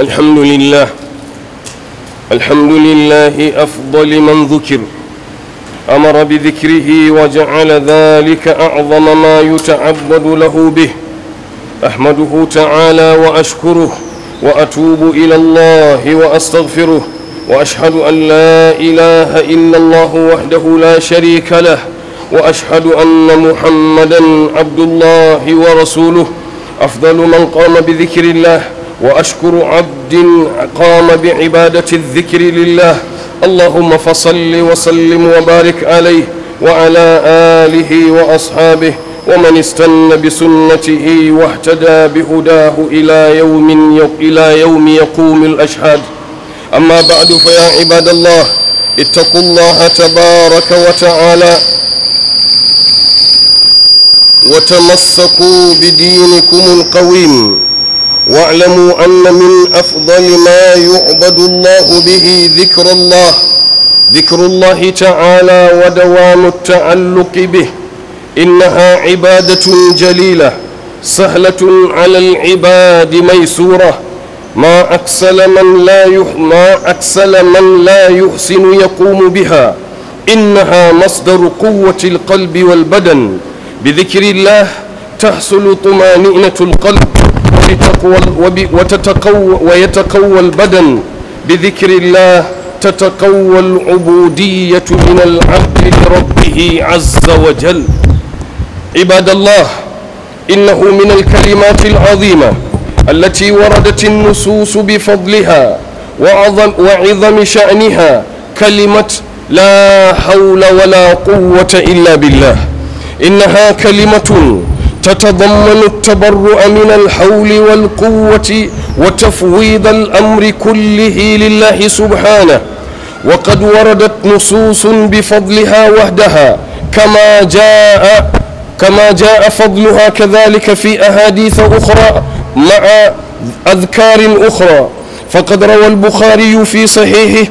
الحمد لله الحمد لله أفضل من ذكر أمر بذكره وجعل ذلك أعظم ما يتعبد له به أحمده تعالى وأشكره وأتوب إلى الله وأستغفره وأشهد أن لا إله إلا الله وحده لا شريك له وأشهد أن محمدا عبد الله ورسوله أفضل من قام بذكر الله واشكر عبد قام بعباده الذكر لله اللهم فصل وسلم وبارك عليه وعلى اله واصحابه ومن استن بسنته واهتدى بهداه الى يوم الى يوم يقوم الاشهاد اما بعد فيا عباد الله اتقوا الله تبارك وتعالى وتمسكوا بدينكم القويم واعلموا أن من أفضل ما يعبد الله به ذكر الله ذكر الله تعالى ودوام التعلق به إنها عبادة جليلة سهلة على العباد ميسورة ما أكسل من لا ما أكسل من لا يحسن يقوم بها إنها مصدر قوة القلب والبدن بذكر الله تحصل طمأنينة القلب وتتقوى ويتقوى البدن بذكر الله تتقوى العبودية من العبد لربه عز وجل عباد الله إنه من الكلمات العظيمة التي وردت النصوص بفضلها وعظم, وعظم شأنها كلمة لا حول ولا قوة إلا بالله إنها كلمة تتضمن التبرؤ من الحول والقوة وتفويض الأمر كله لله سبحانه وقد وردت نصوص بفضلها وحدها كما جاء كما جاء فضلها كذلك في أحاديث أخرى مع أذكار أخرى فقد روى البخاري في صحيحه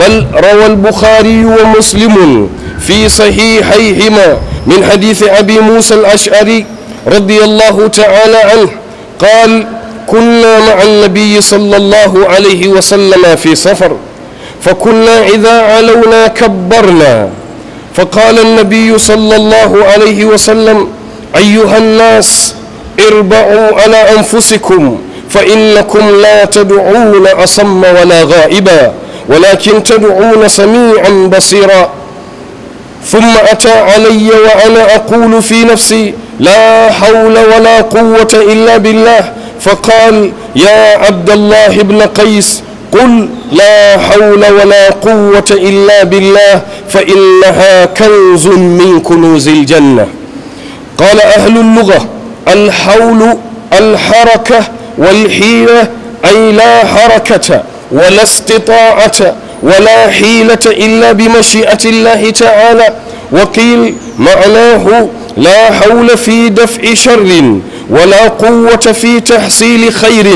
بل روى البخاري ومسلم في صحيحيهما من حديث أبي موسى الأشعري رضي الله تعالى عنه قال كنا مع النبي صلى الله عليه وسلم في سفر فكنا إذا علونا كبرنا فقال النبي صلى الله عليه وسلم أيها الناس اربعوا على أنفسكم فإنكم لا تدعون أصم ولا غائبا ولكن تدعون سميعا بصيرا ثم أتى علي وأنا أقول في نفسي لا حول ولا قوة إلا بالله فقال يا عبد الله بن قيس قل لا حول ولا قوة إلا بالله فإنها كنز من كنوز الجنة قال أهل اللغة الحول الحركة والحيلة أي لا حركة ولا استطاعة ولا حيلة إلا بمشيئة الله تعالى وقيل معناه لا حول في دفع شر ولا قوة في تحصيل خير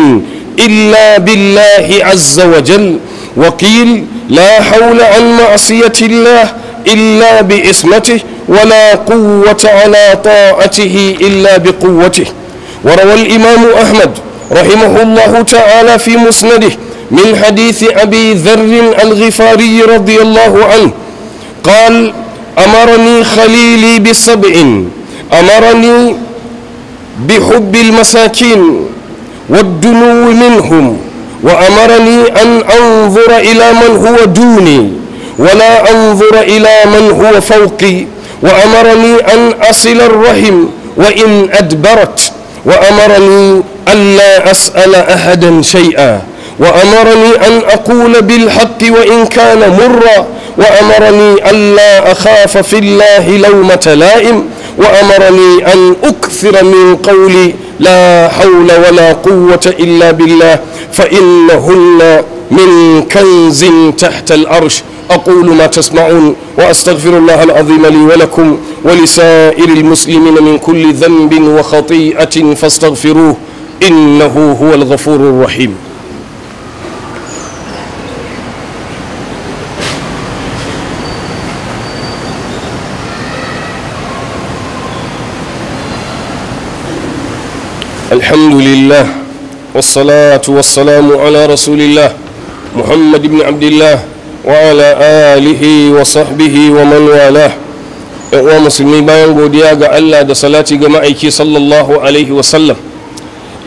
إلا بالله عز وجل وقيل لا حول عن معصية الله إلا بإسمته ولا قوة على طاعته إلا بقوته وروى الإمام أحمد رحمه الله تعالى في مسنده من حديث أبي ذر الغفاري رضي الله عنه قال أمرني خليلي بسبع أمرني بحب المساكين والدنو منهم وأمرني أن أنظر إلى من هو دوني ولا أنظر إلى من هو فوقي وأمرني أن أصل الرحم وإن أدبرت وأمرني ألا أسأل أحدا شيئا وأمرني أن أقول بالحق وإن كان مرا وأمرني ألا أخاف في الله لومة لائم وأمرني أن أكثر من قولي لا حول ولا قوة إلا بالله فإنهن من كنز تحت الأرش أقول ما تسمعون وأستغفر الله العظيم لي ولكم ولسائر المسلمين من كل ذنب وخطيئة فاستغفروه إنه هو الغفور الرحيم الحمد لله والصلاة والسلام على رسول الله محمد بن عبد الله وعلى آله وصحبه ومن والاه wa musulmi bayan godiya ga Allah da salati ga ma'aiki sallallahu alaihi wasallam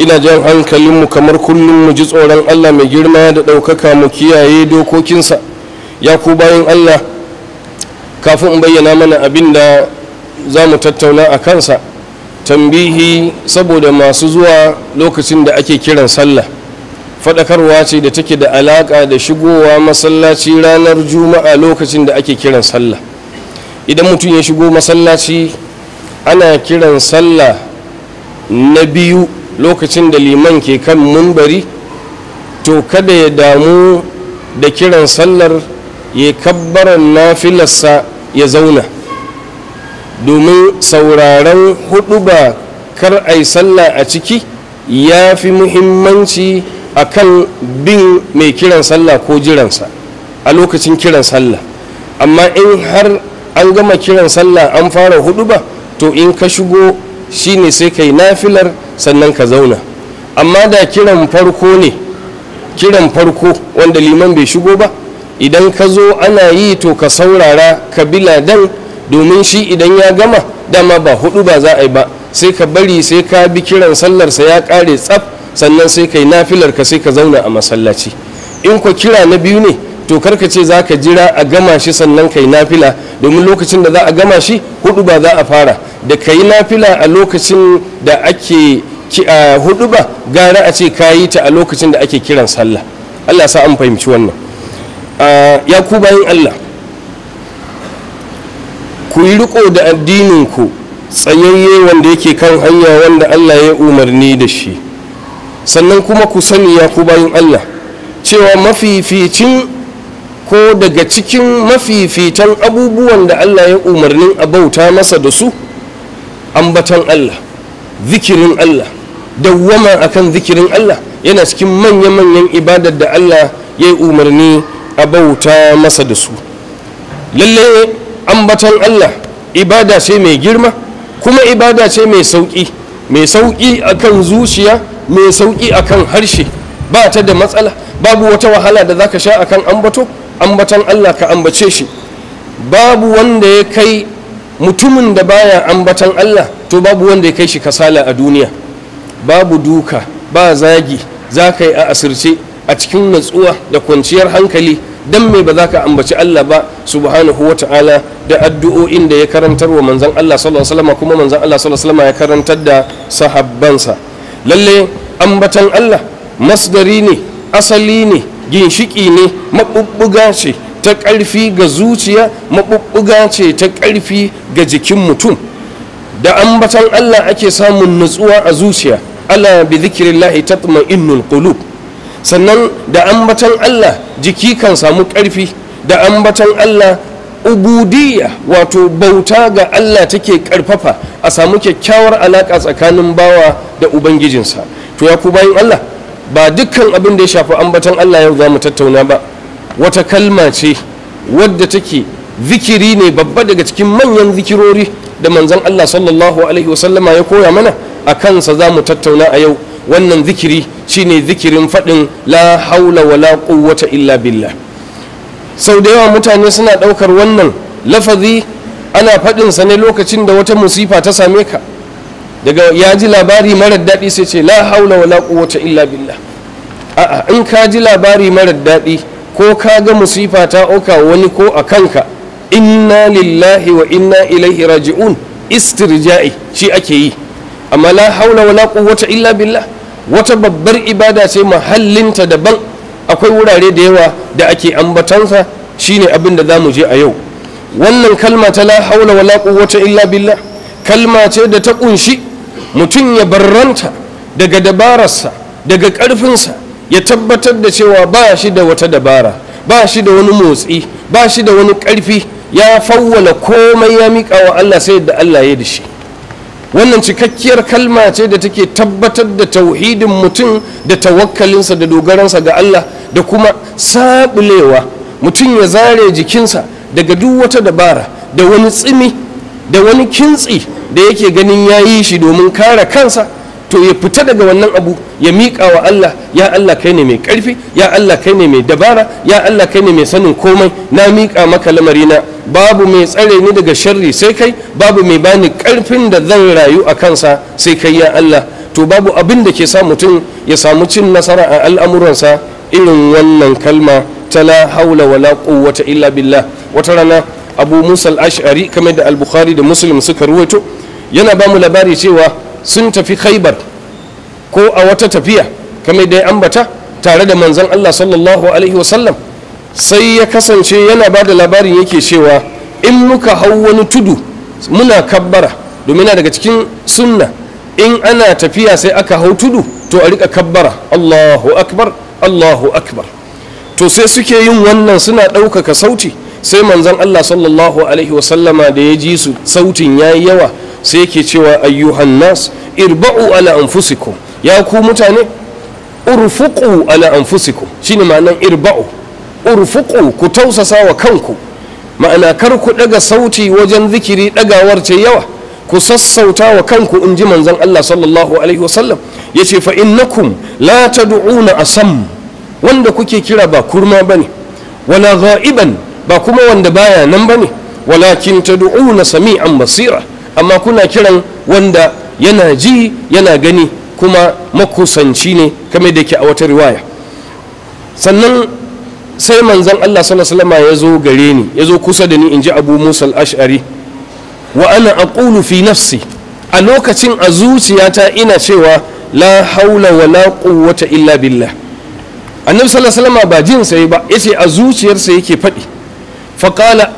ina jan hankalinmu kamar kullum mu ji tsoron Allah mai girma da ɗaukaka mu kiyaye dokokinsa ya ku bayan Allah kafin in bayyana mana abin da za mu tattauna a kansa tambihi saboda masu zuwa lokacin da ake kiran sallah faɗakarwa ce da take da alaƙa da shigowa masallaci ranar juma'a lokacin da ake kiran sallah idan mutum ya shigo masallaci ana kiran sallah na biyu lokacin da liman ke kan mumbari to kada ya damu da kiran sallar ya kabbaran filarsa ya zauna domin sauraron ba kar a yi sallah a ciki ya fi muhimmanci a kan bin mai kiran sallah ko jiransa a lokacin kiran sallah amma in har an gama kiran sallah an fara hudu ba, to in ka shigo shine sai ka yi nafilar sannan ka zauna amma da kiran farko ne kiran farko wanda liman bai shigo ba idan ka zo ana yi to ka saurara kabila dan. domin shi idan ya gama dama ba hudu ba za a yi ba sai ka bari sai ka bi kiran sallarsa ya kare tsaf sannan sai ka yi nafilar ka sai ka zauna a masallaci in ko kira na biyu ne to kar ka ce za ka jira a gama shi sannan ka yi nafila domin lokacin da za a gama shi hudu ba za a fara da ka yi nafila a lokacin da ake hudu ba gara a ce ka yi ta a lokacin da ake kiran sallah allah sa an fahimci wannan ya ku bayan allah ku yi riko da addininku tsayayye wanda yake kan hanya wanda allah ya umarni da shi sannan kuma ku sani ya ku bayan allah cewa mafificin ko daga cikin mafificin abubuwan da allah ya umarni a bauta masa da su ambatan allah zikirin allah dawwama akan zikirin allah yana cikin manya-manyan ibadar da allah ya umarni a bauta masa da su lalle ambatan Allah ibada ce mai girma kuma ibada ce mai sauƙi mai sauƙi akan zuciya mai sauƙi akan harshe ba ta da matsala babu wata wahala da zaka sha akan ambato ambatan Allah ka ambace shi babu wanda ya kai mutumin da baya ambatan Allah to babu wanda ya kai shi kasala a duniya babu duka ba zagi za ka yi a asirce a cikin natsuwa da kwanciyar hankali dan me ba za ka ambaci Allah ba subhanahu wa ta'ala da addu'o'in da ya karantar wa manzon Allah sallallahu alaihi wasallam kuma manzon Allah sallallahu alaihi wasallam ya karantar da sahabbansa lalle ambatan Allah masdari ne asali ne ginshiki ne mabubbuga ce ta ƙarfi ga zuciya mabubbuga ce ta ƙarfi ga jikin mutum da ambatan Allah ake samun nutsuwa a zuciya Allah bi zikrillahi tatma'innul qulub sannan da ambatan Allah jiki kan samu ƙarfi da ambatan Allah ubudiyya wato bauta ga Allah take ƙarfafa a samu kyakkyawar alaƙa tsakanin bawa da ubangijinsa to ya ku bayan Allah ba dukkan abin da ya shafi ambatan Allah yau za mu tattauna ba wata kalma ce wadda take zikiri ne babba daga cikin manyan zikirori da manzon Allah sallallahu alaihi wasallama ya koya mana a kansa za mu tattauna a yau wannan zikiri shine zikirin faɗin la haula wala quwwata illa billah sau da yawa mutane suna ɗaukar wannan lafazi ana faɗin sa ne lokacin da wata musifa ta same ka daga ya ji labari marar daɗi sai ce la haula wala quwwata illa billah a'a in ka ji labari marar daɗi ko ka ga musifa ta oka wani ko a kanka inna lillahi wa inna ilaihi raji'un istirja'i shi ake yi amma la haula wala quwwata illa billah wata babbar ibada ce mahallinta daban akwai wurare da yawa da ake ambatansa shine abin da zamu je a yau wannan kalma ta la haula wala quwwata illa billah kalma ce da ta kunshi mutum ya barranta daga dabararsa daga ƙarfinsa ya tabbatar da cewa ba shi da wata dabara ba shi da wani motsi ba shi da wani karfi ya fawwala komai ya miƙa wa Allah sai da Allah ya da shi wannan cikakkiyar kalma ce da take tabbatar da tauhidin mutum da tawakkalinsa da dogaransa ga Allah da kuma sabulewa mutum ya zare jikinsa daga duk wata dabara da wani tsimi da wani kintsi da yake ganin ya shi domin kare kansa to ya fita daga wannan abu ya miƙa wa Allah ya Allah kai ne mai ƙarfi ya Allah kai ne mai dabara ya Allah kai ne mai sanin komai na miƙa maka lamarina babu mai tsare ni daga sharri sai kai babu mai bani ƙarfin da zan rayu a kansa sai kai ya Allah to babu abin da ke sa mutum ya samu cin nasara a al'amuransa irin wannan kalma ta la haula wala quwwata illa billah wata rana abu musa al-ash'ari kamar da al-bukhari da muslim suka ruwaito yana ba mu labari cewa sun tafi khaibar ko a wata tafiya kamar dai ambata tare da manzon Allah sallallahu alaihi wasallam sai ya kasance yana ba da labarin yake cewa in muka hau wani tudu muna kabbara domin daga cikin sunna in ana tafiya sai aka hau tudu to a rika kabbara Allahu akbar Allahu akbar to sai suke yin wannan suna ɗaukaka sauti sai manzon Allah sallallahu alaihi wasallama da ya ji su sautin ya yi yawa sai yake cewa ayyuhan nas irba'u ala anfusikum ya ku mutane urfuqu ala anfusikum shine ma'anan irba'u urfuqu ku tausasa wa kanku ma'ana kar ku daga sauti wajen zikiri dagawar ce yawa ku sassauta wa kanku in ji manzon Allah sallallahu alaihi wasallam yace fa innakum la tad'una asam wanda kuke kira ba kurma bane wala gha'iban ba kuma wanda baya nan bane walakin tad'una sami'an basira amma kuna kiran wanda yana ji yana gani kuma makusanci ne kame da ke a wata riwaya sannan sai manzon Allah sallallahu alaihi ya zo gare ni ya zo kusa da ni in ji abu musa al-ash'ari wa ana aqulu fi nafsi a lokacin a zuciyata ina cewa la haula wa la quwwata illa billah annabi sallallahu alaihi wasallam ba jin sai ba yace a zuciyarsa yake faɗi qala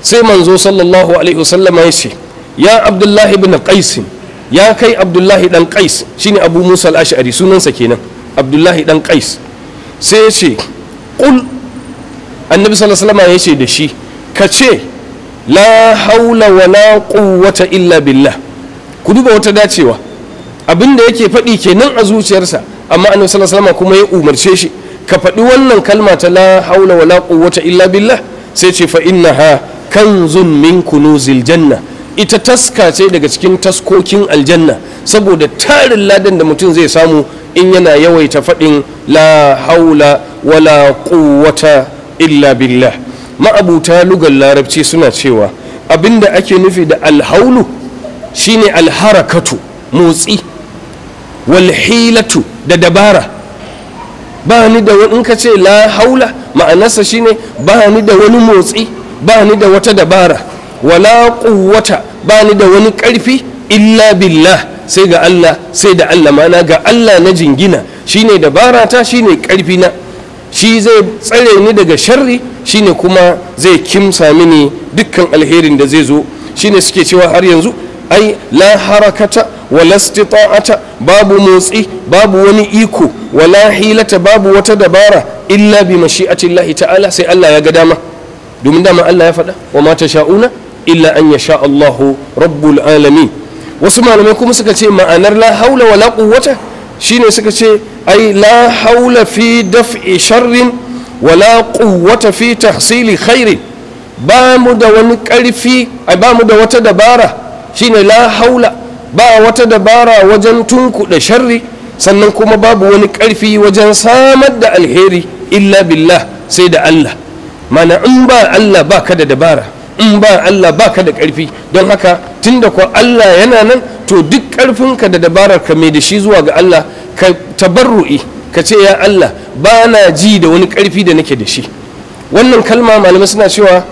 sai manzo sallallahu alaihi wasallam ya ya abdullahi ibn qais ya kai abdullahi dan qais shine abu musa al-ash'ari sunansa kenan abdullahi dan qais sai ya ce qul annabi sallallahu alaihi wasallam ya ce da shi ka ce la haula wala quwwata illa billah ku duba wata dacewa abinda yake faɗi kenan a zuciyarsa amma annabi sallallahu alaihi wasallam kuma ya umarce shi ka faɗi wannan kalma ta la haula wala quwwata illa billah sai ce fa innaha kanzun min kunuzil janna ita taska ce daga cikin taskokin aljanna saboda tarin ladan da mutum zai samu in yana yawaita faɗin la haula wala quwwata illa billah ma'abuta lugar larabci suna cewa abinda ake nufi da alhaulu shine alharakatu motsi walhilatu da dabara ba ni da wani in ka ce la haula ma'anarsa shine ba ni da wani motsi ba ni da wata dabara wala quwwata ba ni da wani ƙarfi illa billah sai ga Allah sai da Allah mana ga Allah na jingina shine dabara ta shine ƙarfi na shi zai tsare ni daga sharri shine kuma zai kimsa mini dukkan alherin da zai zo shine suke cewa har yanzu ai la harakata wala istita'ata babu motsi babu wani iko wala hilata babu wata dabara illa bi mashi'atillahi ta'ala sai Allah ya ga dama domin dama Allah ya faɗa wa mata sha'una. illa an yasha Allahu rabbul alamin wasu malamai kuma suka ce ma'anar la haula wala quwwata shine suka ce ai la haula fi daf'i sharrin wala quwwata fi tahsili khairin ba mu da wani karfi ba mu da wata dabara shine la haula ba wata dabara wajen tunkuɗa sharri sannan kuma babu wani karfi wajen samar da alheri illa billah sai da Allah mana in ba Allah ba ka da dabara in ba Allah ba ka da ƙarfi don haka tunda ko Allah yana nan to duk ƙarfinka da dabarar ka mai da shi zuwa ga Allah ka tabarru'i ka ce ya Allah ba na ji da wani ƙarfi da nake da shi wannan kalma malamai suna cewa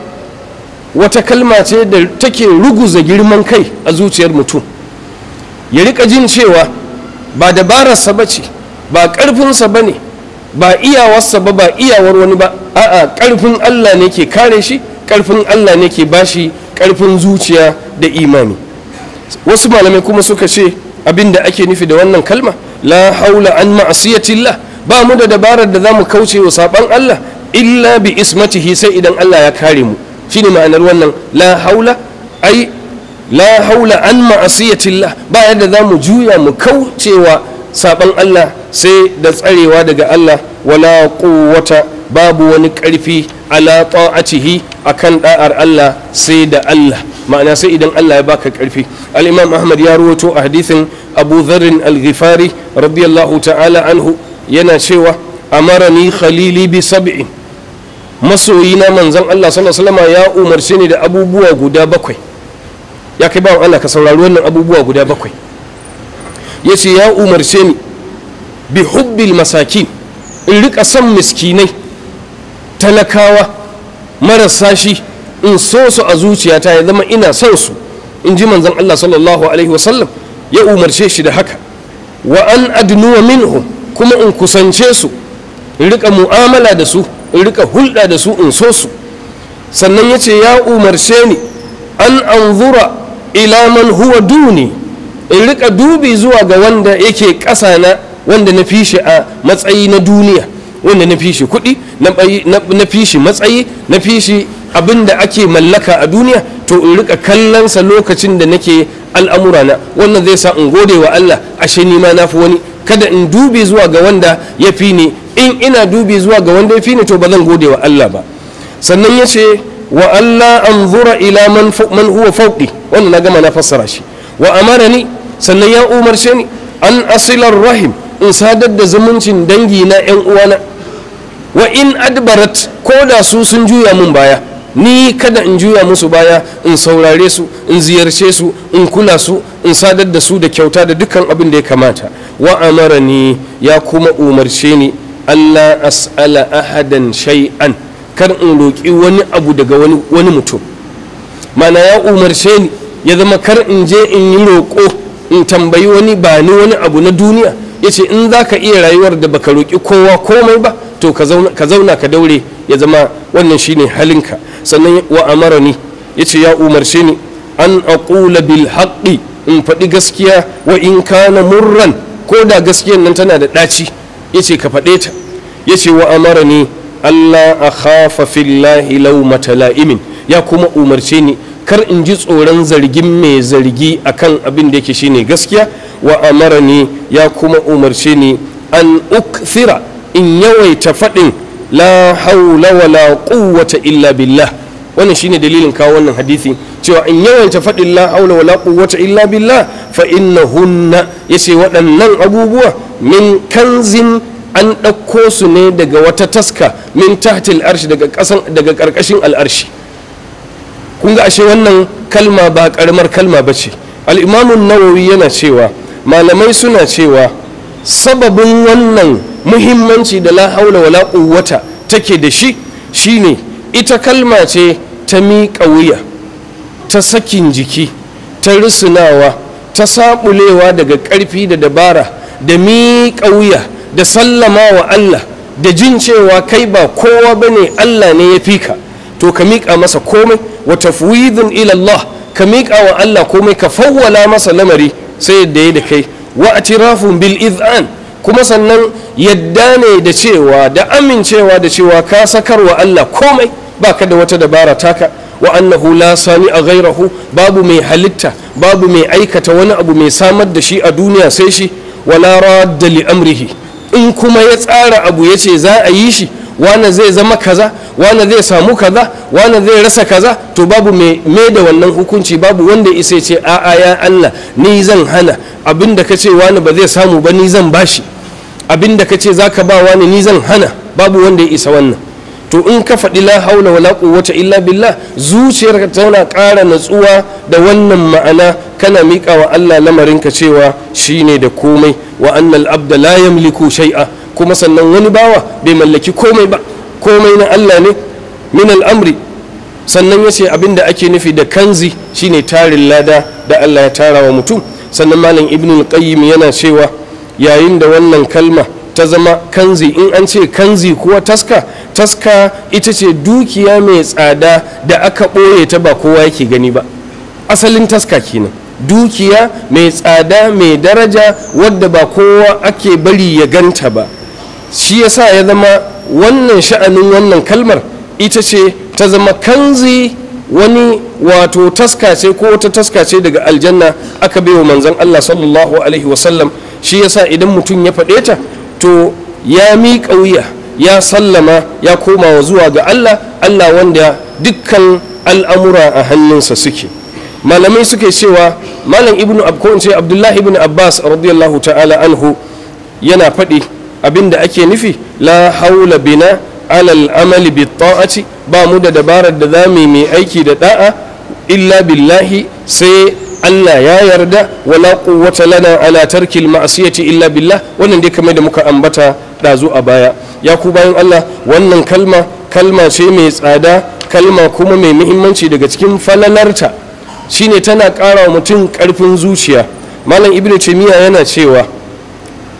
wata kalma ce da take ruguza girman kai a zuciyar mutum ya rika jin cewa ba dabararsa ba ce ba ƙarfinsa ba ne ba iyawarsa ba ba iyawar wani ba a'a ƙarfin Allah ne ke kare shi ƙarfin allah ne ke bashi ƙarfin zuciya da imani wasu malamai kuma suka ce abin da ake nufi da wannan kalma la haula an ma'asiyatillah ba mu da dabarar da za mu kauce wa saɓan allah illa bi ismatihi sai idan allah ya kare mu shine ma'anar wannan la haula ai la haula an ma'asiyatillah ba yadda za mu juya mu kauce wa saɓan Allah sai da tsarewa daga Allah wala quwwata babu wani ƙarfi ala ta'atihi akan da'ar Allah sai da Allah ma'ana sai idan Allah ya baka ƙarfi al-imam Ahmad ya ruwato a hadisin Abu Dharr al-Ghifari radiyallahu ta'ala anhu yana cewa amarani khalili bi sab'in masoyina manzon Allah sallallahu alaihi wasallam ya umarce ni da abubuwa guda bakwai ya kai bawan Allah ka saurari wannan abubuwa guda bakwai yace ya umarce ni bi hubbil masakin in rika son miskinai talakawa marasa shi in so su a zuciyata ya zama ina son su in ji manzon Allah sallallahu alaihi wasallam ya umarce shi da haka wa an adnuwa minhum kuma in kusance su in rika mu'amala da su in rika hulɗa da su in so su sannan ya ce ya umarce ni an anzura ila man huwa duni in rika dubi zuwa ga wanda yake ƙasa na wanda na fi shi a matsayi na duniya wanda na fi shi kuɗi na fi matsayi na fi shi abin ake mallaka a duniya to in rika kallonsa lokacin da nake al'amura na wannan zai sa in gode wa Allah ashe ni ma na fi wani kada in dubi zuwa ga wanda ya fi ni in ina dubi zuwa ga wanda ya fi ni to ba zan gode wa Allah ba sannan ya ce wa Allah an zura ila man huwa fauɗi wannan na gama na fassara shi wa amara ni sannan ya umarce ni an asilar rahim in sadar da zumuncin dangi na 'yan uwana wa in adbarat ko da su sun juya mun baya ni kada in juya musu baya in saurare su in ziyarce su in kula su in sadar da su da kyauta da dukkan abin da ya kamata wa amara ni ya kuma umarce ni allah as'ala ahadan shay'an kar in roƙi wani abu daga wani mutum mana ya umarce ni ya zama kar in je in yi roƙo in tambayi wani ba ni wani abu na duniya Ya ce in za ka iya rayuwar da baka roƙi kowa komai ba to ka zauna ka daure ya zama wannan shine halinka sannan wa amara yace ya umarce ni an aqula bil haqqi in faɗi gaskiya wa in kana murran ko da gaskiyar nan tana da ɗaci Ya ce ka faɗe ta ce wa ni Allah a khafa fillahi laumata la'imin ya kuma umarce ni kar in ji tsoron zargin mai zargi akan abin da yake shine gaskiya Wa'amarani ya kuma umarce ni an ukthira in yawaita faɗin la haula wa la illa wannan shine dalilin kawo wannan hadisi cewa in yawaita faɗin la haula wala quwwata illa billah fa innahunna yace waɗannan abubuwa min kanzin an ɗauko su ne daga wata taska min tahtil arshi daga ƙasan daga ƙarƙashin al'arshi kun ga ashe wannan kalma ba ƙaramar kalma ba ce al'imamun nawawi yana cewa malamai suna cewa sababin wannan muhimmanci da la haula wala quwwata take da shi shine ita kalma ce ta miƙa wuya ta sakin jiki ta rusunawa ta saɓulewa daga ƙarfi da dabara da miƙa wuya da sallama wa Allah da jin cewa kai ba kowa bane Allah ne ya fi ka to ka miƙa masa komai wa tafwidun ila Allah ka miƙa wa Allah komai ka fawwala masa lamari sai yadda ya da kai wa atirafun bil iz'an kuma sannan yadda ne da cewa da amincewa da cewa ka sakarwa Allah komai baka da wata dabara taka wa annahu la sani a ghairahu babu mai halitta babu mai aikata wani abu mai samar da shi a duniya sai shi wala radda li amrihi in kuma ya tsara abu ya ce za a yi shi wane zai zama kaza wane zai samu kaza wane zai rasa kaza to babu mai da wannan hukunci babu wanda isa ce a'a ya Allah ni zan hana abin da ka ce wani ba zai samu ba ni zan bashi abin da ka ce za ka ba wani ni zan hana babu wanda ya isa wannan to in ka faɗi la haula wala quwwata illa billah zuciyarka tana ƙara natsuwa da wannan ma'ana kana miƙa wa Allah ka cewa shine da komai wa annal abda la yamliku shay'a kuma sannan wani bawa bai mallaki komai ba komai na Allah ne min al'amri sannan ya ce abin da ake nufi da kanzi shine tarin lada da Allah ya tara wa mutum sannan malam ibn al-qayyim yana cewa yayin da wannan kalma ta zama kanzi in an ce kanzi kuwa taska taska ita ce dukiya mai tsada da aka ɓoye ta ba kowa yake gani ba asalin taska kenan dukiya mai tsada mai daraja wadda ba kowa ake bari ya ganta ba shi ya sa ya zama wannan sha'anin wannan kalmar ita ce ta zama kanzi wani wato taskace ko wata taskace daga aljanna aka baiwa manzon Allah sallallahu alaihi wasallam shi sa idan mutum ya faɗe ta to ya miƙa wuya ya sallama ya komawa zuwa ga Allah Allah wanda dukkan al'amura a hannunsa suke malamai suke cewa malam ibnu abko in ce abdullahi ibn abbas radiyallahu ta'ala anhu yana faɗi abin da ake nufi la haula bina alal amali bi ta'ati ba mu da dabarar da za mu mai aiki da da'a illa billahi sai Allah ya yarda wala quwwata lana ala tarkil ma'siyati illa billah wannan dai kamar da muka ambata dazu a baya ya ku bayan Allah wannan kalma kalma ce mai tsada kalma kuma mai muhimmanci daga cikin falalarta shine tana ƙara wa mutum ƙarfin zuciya malam ibnu taymiya yana cewa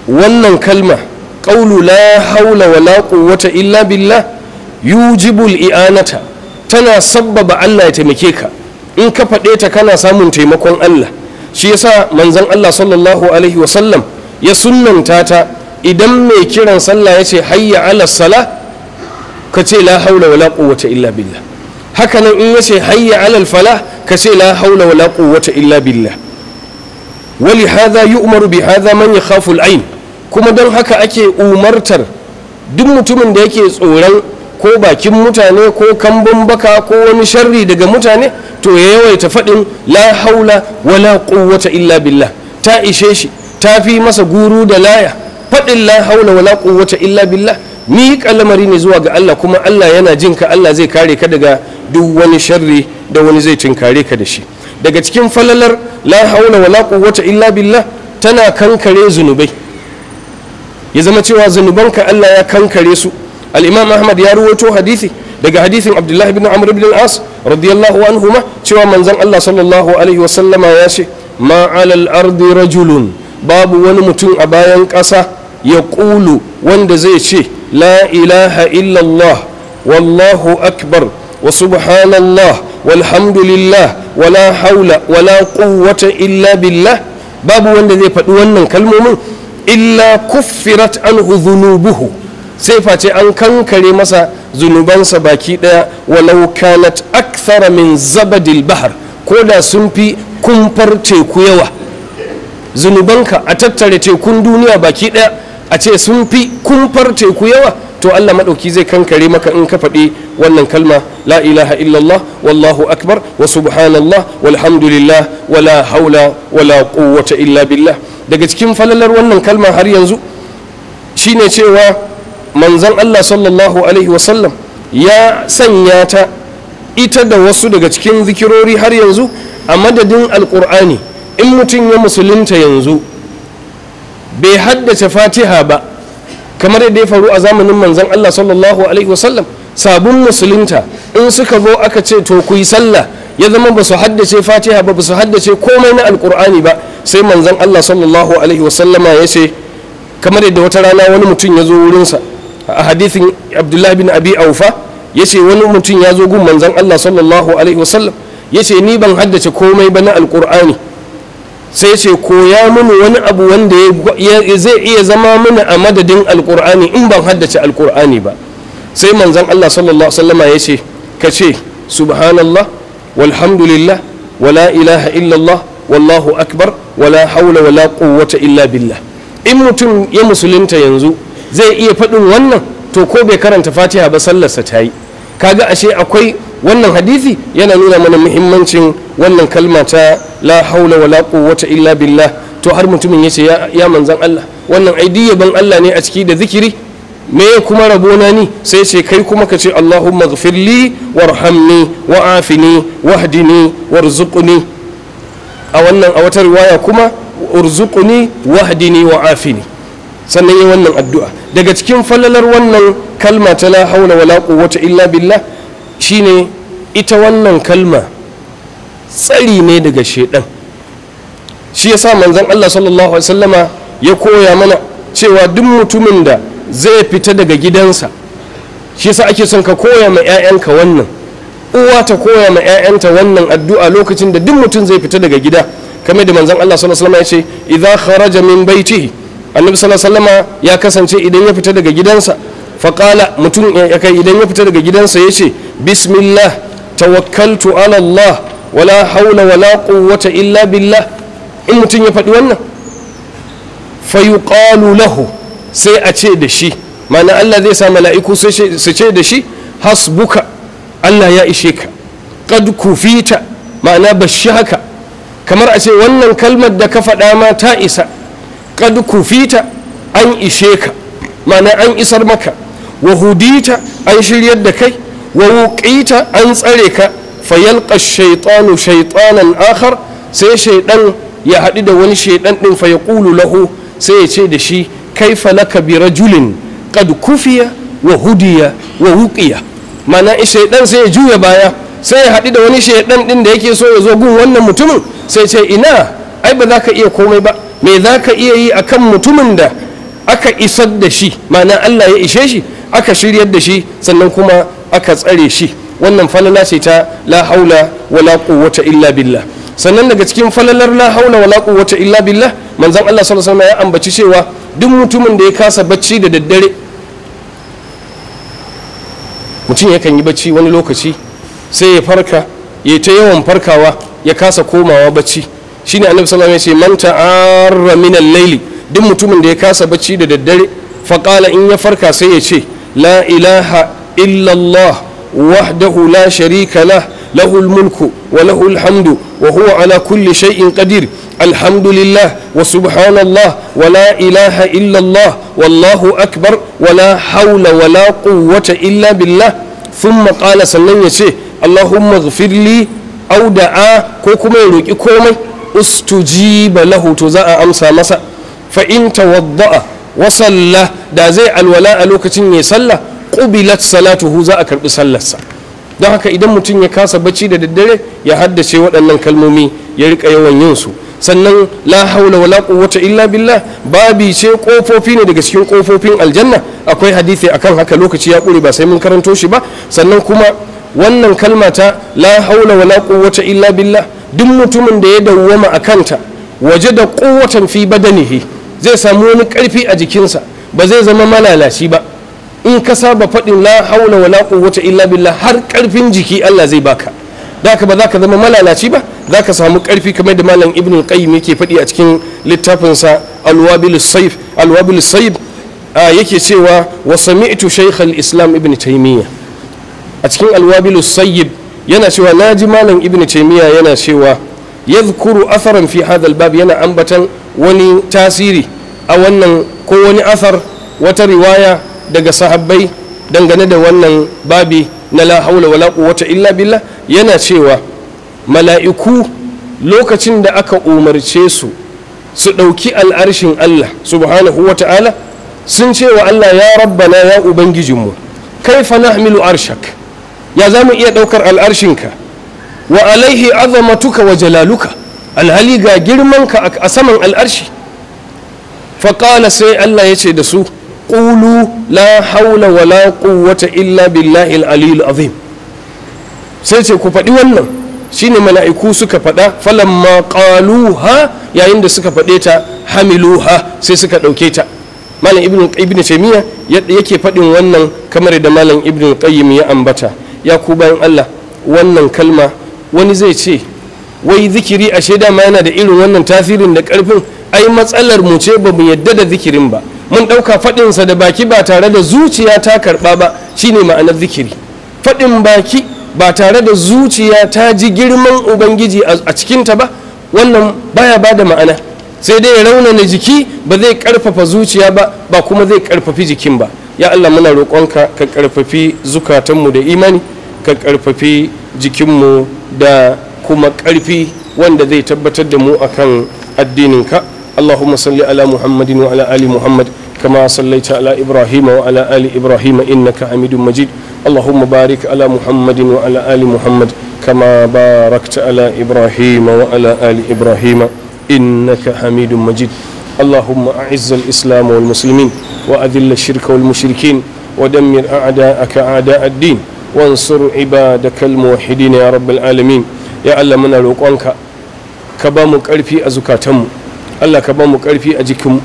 wannan kalma Ƙaulu la haula wala quwwata illa billah yujibul i'anata tana sabbaba Allah ya taimake ka in ka faɗe ta kana samun taimakon Allah shi yasa manzon Allah sallallahu alaihi ya sunnanta ta idan mai kiran sallah ya ce hayya ala sala ka ce la haula wala quwwata illa billah nan in ya ce hayya ala falah ka ce la haula wala quwwata illa billah ولهذا يؤمر بهذا من يخاف العين kuma don haka ake umartar duk mutumin da yake tsoron ko bakin mutane ko kambun baka ko wani sharri daga mutane to ya yawaita faɗin la haula wala quwwata illa billah ta ishe shi ta fi masa guru da laya faɗin la haula wala quwwata illa billah ni kalamari ne zuwa ga Allah kuma Allah yana jin ka Allah zai kare ka daga duk wani sharri da wani zai tinkare ka da shi daga cikin falalar la haula wala quwwata illa billah tana kankare zunubai ya zama cewa zunubanka Allah ya kankare su al-imam ahmad ya ruwato hadisi daga hadisin abdullahi bin amr ibn al-as radiyallahu cewa manzon Allah sallallahu alaihi sallama ya ce ma alal ardi rajulun babu wani mutum a bayan ƙasa ya ƙulu wanda zai ce la ilaha illallah wallahu akbar wa subhanallah walhamdulillah wala haula wala quwwata illa billah babu wanda zai faɗi wannan kalmomin illa kuffirat anhu dhunubuhu sai face an kankare masa zunubansa baki daya walau kanat akthara min zabadil bahar ko da sun fi kumfar teku yawa zunubanka a tattare tekun duniya baki daya a ce sun fi kumfar teku yawa to Allah madauki zai kankare maka in ka faɗi wannan kalma la ilaha illallah wallahu akbar wa subhanallah walhamdulillah wala haula wala quwwata illa billah daga cikin falalar wannan kalma har yanzu shine cewa manzon Allah sallallahu alaihi wasallam ya sanya ta ita da wasu daga cikin zikirori har yanzu a madadin alƙur'ani in mutum ya musulunta yanzu bai haddace fatiha ba kamar yadda ya faru a zamanin manzon Allah sallallahu alaihi wasallam sabon musulunta in suka zo aka ce to ku yi sallah ya zama ba su haddace fatiha ba ba su haddace komai na alkur'ani ba sai manzon Allah sallallahu alaihi wasallam ya ce kamar yadda wata rana wani mutum ya zo wurinsa a hadithin abdullahi bin abi aufa ya ce wani mutum ya zo gun manzon Allah sallallahu alaihi wasallam ya ce ni ban haddace komai ba na alkur'ani sai ce koya mini wani abu wanda zai iya zama mini a madadin alkur'ani in ban haddace alkur'ani ba sai manzan Allah sallallahu sallama ya ce ka ce subhanallah walhamdulillah wala ilaha illallah wallahu akbar wala haula wala quwwata illa billah in mutum ya musulunta yanzu zai iya faɗin wannan to ko bai karanta fatiha ba sallarsa ta yi kaga ashe akwai wannan hadisi yana nuna mana muhimmancin wannan kalma ta la haula wala quwwata illa billah to har mutumin yace ya, ya manzan Allah wannan ai ban Allah ne a ciki da zikiri me kuma rabona ni sai ce kai kuma ka ce Allahumma ighfirli warhamni wa'afini wahdini warzuqni a wannan a wata riwaya kuma urzuqni wahdini wa'afini sannan yi wannan addu'a daga cikin falalar wannan kalma ta la haula wala quwwata illa billah shine ita wannan kalma tsari ne daga shedan shi yasa manzon Allah sallallahu alaihi wasallama ya koya mana cewa duk mutumin da zai fita daga gidansa shi yasa ake son ka koya ma 'ya'yanka wannan uwa ta koya ma 'ya'yanta wannan addu'a lokacin da duk mutum zai fita daga gida kamar da manzon Allah sallallahu alaihi wasallama ya ce idza kharaja min baitihi annabi sallallahu ya kasance idan ya fita daga gidansa faƙala mutum ya kai idan ya fita daga gidansa ya ce bismillah tawakkaltu ala Allah wala haula wala quwwata illa billah in mutum ya faɗi wannan fayuqalu lahu sai a ce da shi mana Allah zai sa mala'iku su ce da shi hasbuka Allah ya ishe ka kad kufita ma'ana bashi haka kamar a ce wannan kalmar da ka faɗa ma ta isa qad kufita an ishe ka an isar maka wa an shiryar da kai wa wuqita an tsare ka fayalqa shaytanu shaytanan akhar sai shaydan ya haɗu da wani shaydan din fa yaqulu lahu sai ya da shi kaifa laka bi julin qad kufiya wa hudiya wa wuqiya ma'ana shaydan sai ya juya baya sai ya haɗu da wani shaydan ɗin da yake so ya zo gun wannan mutumin sai ce ina ai ba za ka iya komai ba me za ka iya yi akan mutumin da aka isar da shi ma'ana Allah ya ishe shi aka shiryar da shi sannan kuma aka tsare shi wannan falala ce ta la haula wala quwwata illa billah sannan daga cikin falalar la haula wala quwwata illa billah manzon Allah sallallahu alaihi ya ambaci cewa duk mutumin da ya kasa bacci da daddare mutum yakan yi bacci wani lokaci sai ya farka ya ta yawan farkawa ya kasa komawa bacci shine annabi sallallahu alaihi wasallam manta man ta'arra min al-layli duk mutumin da ya kasa bacci da daddare fa qala in ya farka sai ya ce la ilaha illa Allah wahdahu la sharika lah lahul mulku wa lahul hamdu wa huwa ala kulli shay'in qadir alhamdulillah wa subhanallah wa la ilaha illa Allah wallahu akbar wa la hawla wa la quwwata illa billah thumma qala sallallahu alaihi wasallam yace اللهم اغفر auda'a ko دعاء كوكو روكي كومي ustujiba lahu to za a amsa masa fa in tawadda'a wa da zai alwala a lokacin ya sallah qubilat hu za a karɓi sallarsa don haka idan mutum ya kasa bacci da daddare ya haddace waɗannan kalmomi ya rika yawan yin su sannan la haula wala quwwata illa billah babi ce kofofi ne daga cikin kofofin aljanna akwai hadisi akan haka lokaci ya kure ba sai mun karanto shi ba sannan kuma wannan kalmata la haula wala quwwata illa billah duk mutumin da ya dawwama a kanta waje da kowatan fi badanihi zai samu wani karfi a jikinsa ba zai zama malalaci ba in ka saba faɗin la haula wala quwwata illa billah har karfin jiki Allah zai baka daka ba za ka zama malalaci ba za ka samu karfi kamar da malam Ibnu al-qayyim yake faɗi a cikin littafinsa sa wabil sayf al sayf yake cewa wa sami'tu shaykh al-islam ibnu taymiyah a cikin al sayyib yana cewa na ji malam ibn taimiyya yana cewa zukuru atharan fi hadal bab yana ambatan wani tasiri a wannan ko wani asar wata riwaya daga sahabbai dangane da wannan babi na la haula wala quwwata illa billah yana cewa mala'iku lokacin da aka umarce su su ɗauki al'arshin Allah subhanahu wa ta'ala sun ce wa Allah ya rabba na ya ubangijinmu kaifa nahmilu arshak ya za mu iya ɗaukar al'arshinka wa alaihi azamatuka wa jalaluka alhali ga girmanka a saman al'arshi faƙala sai allah ya ce da su ƙulu la haula wa la quwwata illa billahi al azim sai ce ku faɗi wannan shine mala'iku suka faɗa falamma qaluha yayin da suka faɗe ta hamiluha sai suka ɗauke ta malam ibn ibn yake faɗin wannan kamar da malam ibn qayyim ya ambata ya ku bayan Allah wannan kalma wani zai ce wai zikiri ashe ma yana da irin wannan tasirin da karfin ai matsalar mu ce ba mu yadda da zikirin ba mun ɗauka sa da baki ba tare da zuciya ta karɓa ba shine ma'anar zikiri faɗin baki ba tare da zuciya ta ji girman ubangiji a cikinta ba wannan baya ba da ma'ana sai dai ya raunana jiki ba zai karfafa zuciya ba ba kuma zai ƙarfafi jikin ba ya Allah muna roƙonka ka ƙarfafi zukatanmu da imani ka ƙarfafi jikinmu da kuma ƙarfi wanda zai tabbatar da mu akan addininka Allahumma salli ala Muhammadin wa ala ali Muhammad كما صليت على إبراهيم وعلى آل إبراهيم إنك حميد مجيد اللهم بارك على محمد وعلى آل محمد كما باركت على إبراهيم وعلى آل إبراهيم إنك حميد مجيد اللهم أعز الإسلام والمسلمين وأذل الشرك والمشركين ودمر أعداءك أعداء الدين وانصر عبادك الموحدين يا رب العالمين يا الله من روقونك كبامو كرفي أزكاتمو Allah ka ba ƙarfi a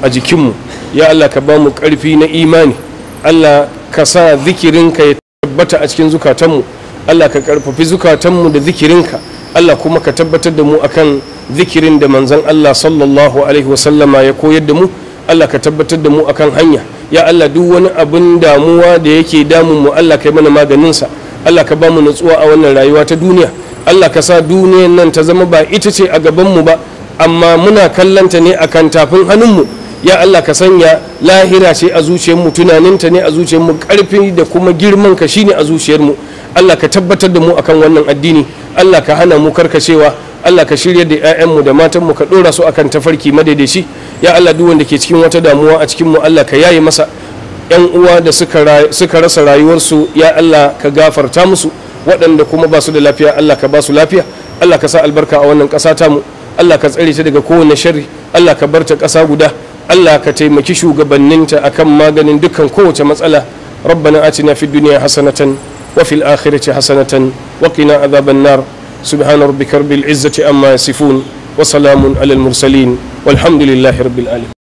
jikinmu ya Allah ka ba ƙarfi na imani Allah ka sa zikirinka ya tabbata a cikin zukatanmu Allah ka karfafi zukatanmu da zikirinka Allah kuma ka tabbatar da mu akan zikirin da manzon Allah sallallahu alaihi ya koyar da mu Allah ka tabbatar da mu akan hanya ya Allah duk wani abin damuwa da yake damun mu Allah kai mana sa. Allah ka ba mu nutsuwa a wannan rayuwa ta duniya Allah ka sa duniyar nan ta zama ba ita ce a gaban mu ba amma muna kallanta ne akan tafin hannunmu ya Allah ka sanya lahira ce a zuciyarmu tunaninta ne a zuciyarmu karfi da kuma girman ka shine a zuciyarmu Allah ka tabbatar da mu akan wannan addini Allah ka hana mu karkacewa Allah ka shirya da mu da matan mu ka ɗora su akan tafarki madaidaici ya Allah duk wanda ke cikin wata damuwa a cikin mu Allah ka yaye masa 'yan uwa da suka rasa rayuwarsu ya Allah ka gafarta musu waɗanda kuma ba su da lafiya Allah ka ba su lafiya Allah ka sa albarka a wannan ƙasa tamu Allah ka tsare ta daga kowane sharri Allah ka bar ta ƙasa guda Allah ka taimaki shugabanninta akan maganin dukkan kowace matsala ربنا آتنا في الدنيا حسنة وفي الآخرة حسنة وقنا عذاب النار سبحان ربك رب العزة أما يصفون وسلام على المرسلين والحمد لله رب العالمين